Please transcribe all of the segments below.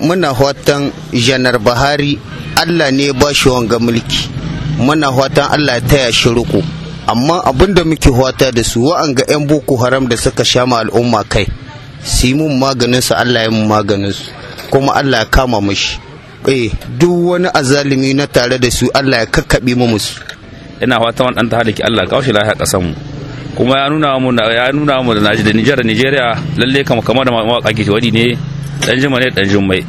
muna hoton janar bahari allah ne ba shi wanga mulki muna hoton allah ya taya shi riko amma abin da muke hota da su wa'anga 'yan boko haram da suka sha ma al'umma kai su yi mun maganin su allah ya mun maganin su kuma allah ya kama mushi eh duk wani azalimi na tare da su allah ya kakkaɓe mu musu ina fatan wannan ta halaki allah ka shi lafiya ƙasar mu kuma ya nuna mu ya nuna mu da najeriya Nigeria lalle kama kamar da mawaka ke wani ne dan jima ne dan jummai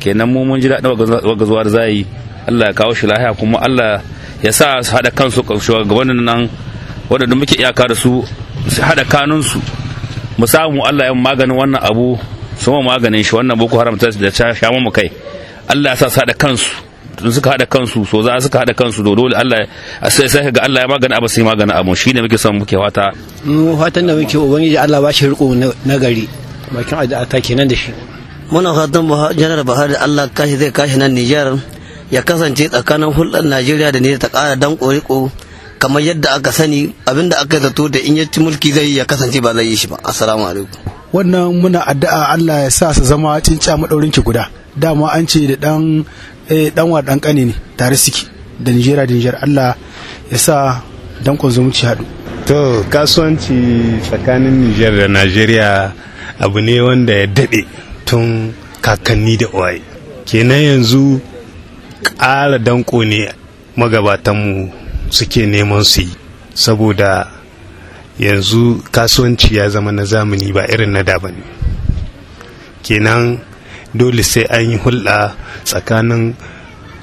kenan mu mun ji daɗin wagazuwar zayi Allah ya kawo shi lahiya kuma Allah ya sa su haɗa kansu wannan nan waɗanda muke iyaka da su su haɗa kanunsu mu samu Allah ya maganin wannan abu su ma maganin shi wannan boko haram ta da sha mu kai Allah ya sa su haɗa kansu tun suka haɗa kansu so za suka haɗa kansu do dole Allah sai sai ga Allah ya magana abu sai magana abu shine muke son muke wata mu fatan da muke ubangiji Allah ba shi riko na gari bakin addu'a ta kenan da shi muna fatan janar buhari allah kashi zai kashi nan nijar ya kasance tsakanin hulɗar najeriya da ne ta ƙara dan ƙoriƙo kamar yadda aka sani abinda aka zato da in yaci mulki zai ya kasance ba zai yi shi ba assalamu alaikum wannan muna addu'a allah ya sa su zama cinca maɗaurin ki guda dama an ce da ɗan eh, ɗan wa ɗan ƙani ne tare suke da nijeriya da nijar allah ya sa dankon zumunci haɗu to kasuwanci tsakanin nijar da najeriya abu ne wanda ya daɗe tun kakanni da uwaye kenan yanzu ƙara danko ne magabatanmu suke neman su yi saboda yanzu kasuwanci ya zama na zamani ba irin na da bane kenan dole sai an yi hulɗa tsakanin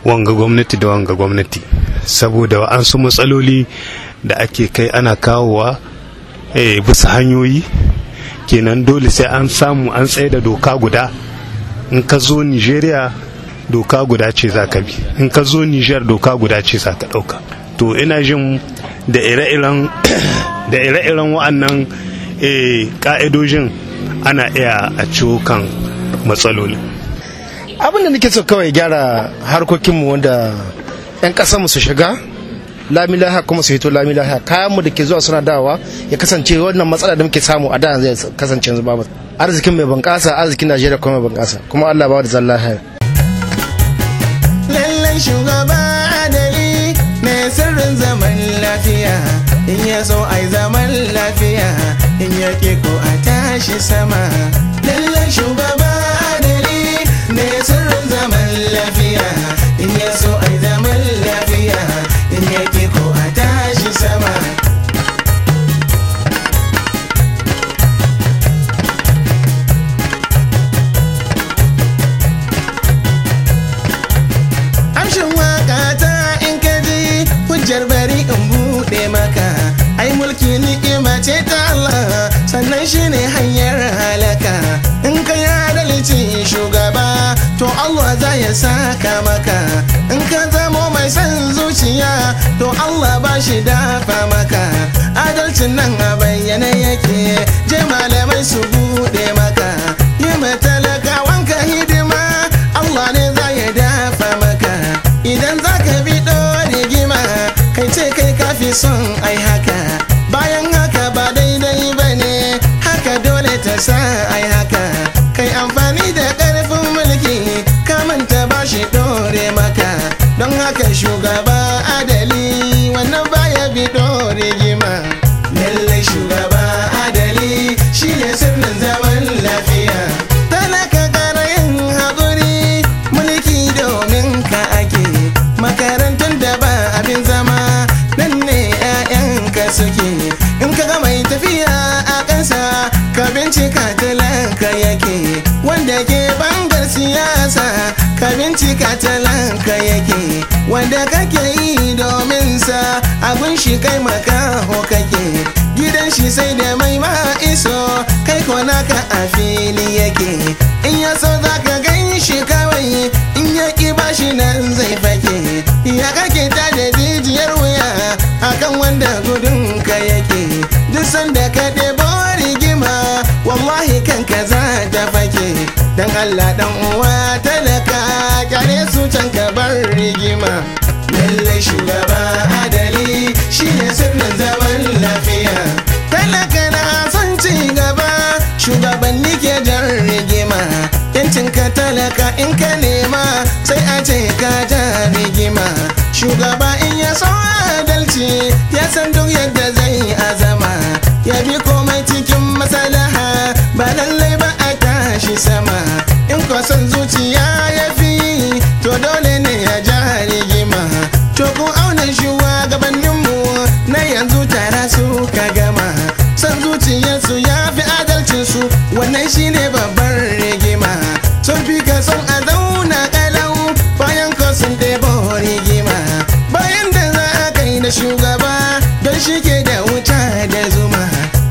wanga gwamnati da wanga gwamnati saboda an wa'ansu matsaloli da ake kai ana kawowa eh, bisa hanyoyi kenan dole sai an samu an tsaye da doka guda in ka zo nigeria doka guda ce za ka bi in ka zo niger doka guda ce za ka ɗauka to ina jin da ire-iren wa'annan ka'idojin eh, ana iya a ciwo kan matsaloli abinda nake so kawai gyara harkokinmu wanda 'yan ƙasa su shiga lamilaha kuma su hito lamilaha kayan mu da ke zuwa suna dawa ya kasance wannan matsala da muke samu a da yanzu kasance yanzu babu arzikin mai bunƙasa arzikin Najeriya kuma mai bunƙasa kuma Allah ba da zalla hayar lallan shugaba adali ne sirrin zaman lafiya in ya so ai zaman lafiya in ya ke ko a tashi sama lallan shugaba adali ne sirrin zaman lafiya jar bari in buɗe maka ai mulki ni'ima ce ta Allah sannan shine hanyar halaka in ka yi adalci shugaba to Allah za ya saka maka in ka zamo mai son zuciya to Allah ba shi dafa maka adalcin nan a bayyana yake je malamai su buɗe maka son bincika talanka yake wanda ke bangar siyasa ka bincika talaka yake wanda kake yi domin sa abun shi kai makaho kake gidan shi sai da mai ma iso kai kona ka a fili yake in ya so za ka gan shi kawai in ya ki ba shi nan zai fake ya kake ta da jijiyar wuya akan wanda gudun ka yake duk sanda ka debo shugaba adali shi ne sirrin zaman lafiya talaka na son ci gaba shugabanni ke jan rigima yancin ka talaka in ka nema sai a ce ka ja rigima shugaba in ya so adalci ya san duk yadda zai azama ya bi komai cikin masalaha ba lallai shugaba don shike ke da wuta da zuma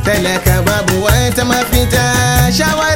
talaka babu wata mafita shawara